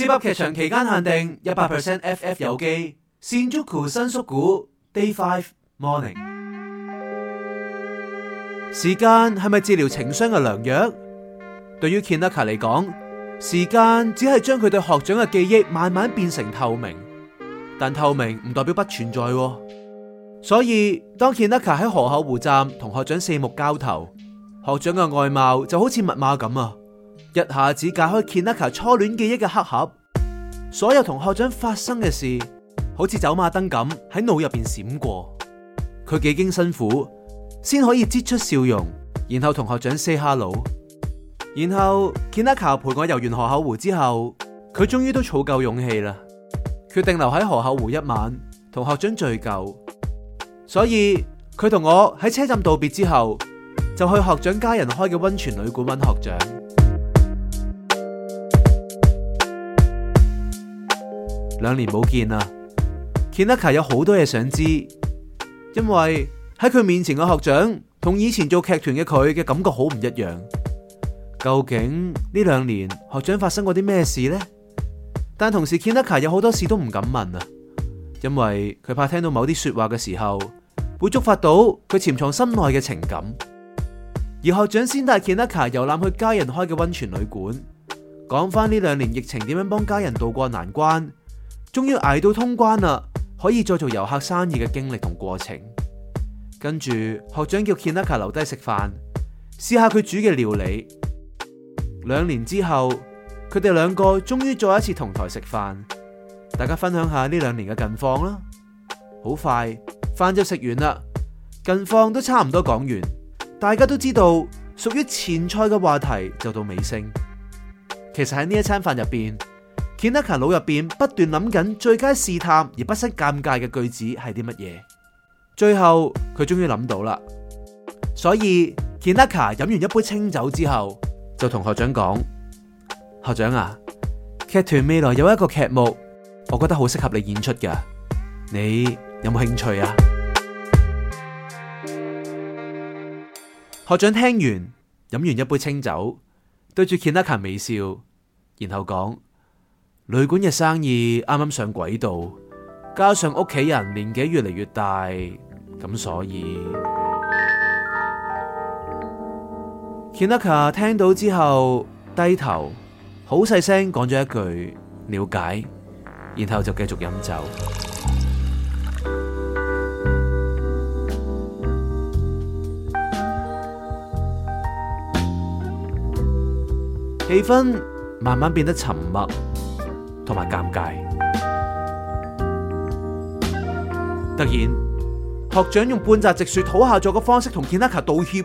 Zip 噏劇場期間限定，一百 percent FF 遊記。Shinjuku 新宿故，Day Five Morning。時間係咪治療情傷嘅良藥？對於 Kinaka 嚟講，時間只係將佢對學長嘅記憶慢慢變成透明，但透明唔代表不存在。所以當 Kinaka 喺河口湖站同學長四目交投，學長嘅外貌就好似密碼咁啊！一下子解開 Kinaka 初戀記憶嘅黑盒，所有同學長發生嘅事，好似走馬燈咁喺腦入面閃過。佢幾經辛苦先可以擠出笑容，然後同學長 say hello，然後 Kinaka 陪我遊完河口湖之後，佢終於都儲夠勇氣啦，決定留喺河口湖一晚，同學長聚舊。所以佢同我喺車站道別之後，就去學長家人開嘅溫泉旅館揾學長。兩年冇見啦，Kinaka 有好多嘢想知，因為喺佢面前嘅學長同以前做劇團嘅佢嘅感覺好唔一樣。究竟呢兩年學長發生過啲咩事呢？但同時 Kinaka 有好多事都唔敢問啊，因為佢怕聽到某啲說話嘅時候，會觸發到佢潛藏心內嘅情感。而學長先帶 Kinaka 遊覽去家人開嘅溫泉旅館，講返呢兩年疫情點樣幫家人渡過難關。終於捱到通關啦，可以再做遊客生意嘅經歷同過程。跟住學長叫 Kinaka 留低食飯，試下佢煮嘅料理。兩年之後，佢哋兩個終於再一次同枱食飯，大家分享下呢兩年嘅近況啦。好快飯就食完啦，近況都差唔多講完，大家都知道屬於前菜嘅話題就到尾聲。其實喺呢一餐飯入邊。Kinaka 腦入邊不斷諗緊最佳試探而不失尷尬嘅句子係啲乜嘢？最後佢終於諗到啦，所以 Kinaka 飲完一杯清酒之後，就同學長講：學長啊，劇團未來有一個劇目，我覺得好適合你演出㗎，你有冇興趣啊？學長聽完飲完一杯清酒，對住 Kinaka 微笑，然後講。旅館嘅生意啱啱上軌道，加上屋企人年紀越嚟越大，咁所以，Kinaka 聽到之後，低頭好細聲講咗一句了解，然後就繼續飲酒。氣 氛慢慢變得沉默。同埋尷尬。突然，學長用半澤直樹土下座嘅方式同 Kinaka 道歉。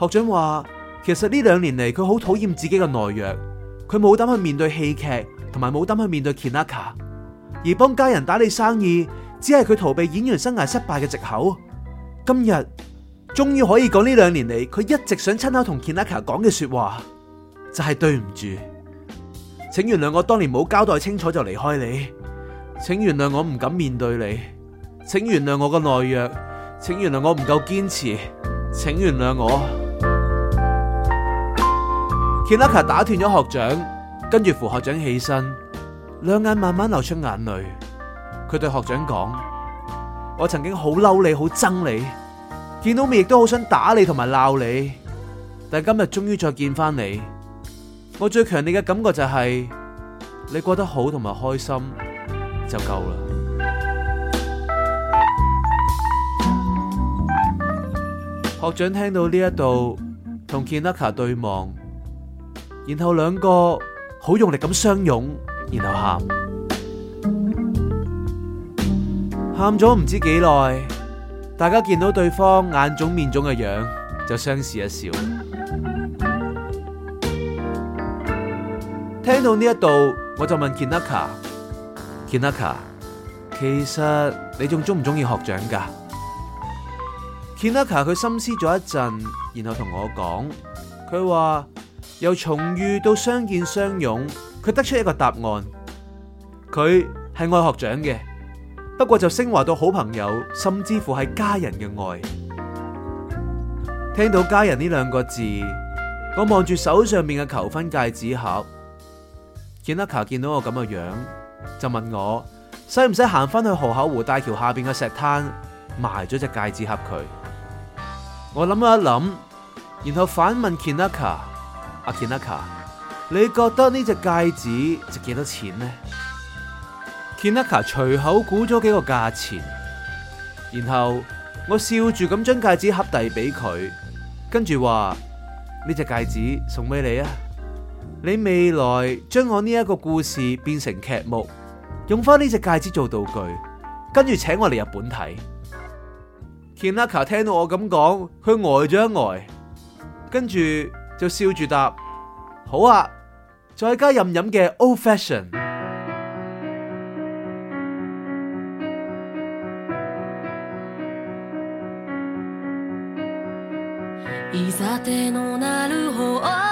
學長話，其實呢兩年嚟，佢好討厭自己嘅懦弱，佢冇膽去面對戲劇，同埋冇膽去面對 Kinaka，而幫家人打理生意，只係佢逃避演員生涯失敗嘅藉口。今日，終於可以講呢兩年嚟，佢一直想親口同 Kinaka 講嘅說話，就係對唔住。請原諒我當年冇交代清楚就離開你，請原諒我唔敢面對你，請原諒我嘅懦弱，請原諒我唔夠堅持，請原諒我。Kinaka 打斷咗學長，跟住扶學長起身，兩眼慢慢流出眼淚。佢對學長講，我曾經好嬲你，好憎你，見到面亦都好想打你同埋鬧你，但今日終於再見返你。我最強烈嘅感覺就係、是，你過得好同埋開心就夠啦。學長聽到呢一度，同 Kinaka 對望，然後兩個好用力咁相擁，然後喊，喊咗唔知幾耐，大家見到對方眼腫面腫嘅樣，就相視一笑。聽到呢一度，我就問 Kinaka：Kinaka，其實你仲鍾唔鍾意學長㗎？Kinaka 佢深思咗一陣，然後同我講：佢話由重遇到相見相擁，佢得出一個答案，佢係愛學長嘅，不過就升華到好朋友，甚至乎係家人嘅愛。聽到家人呢兩個字，我望住手上面嘅求婚戒指盒。Kinaka 見到我咁嘅樣，就問我使唔使行翻去河口湖大橋下邊嘅石灘，埋咗隻戒指盒佢。我諗咗一諗，然後反問 Kinaka，阿 Kinaka，你覺得呢隻戒指值幾多錢呢？Kinaka 隨口估咗幾個價錢，然後我笑住咁將戒指盒遞俾佢，跟住話，呢隻戒指送俾你啊！你未來將我呢一個故事變成劇目，用返呢隻戒指做道具，跟住請我嚟日本睇。Kinaka 聽到我咁講，佢呆咗一呆，跟住就笑住答：好啊，再加任飲嘅 Old Fashion。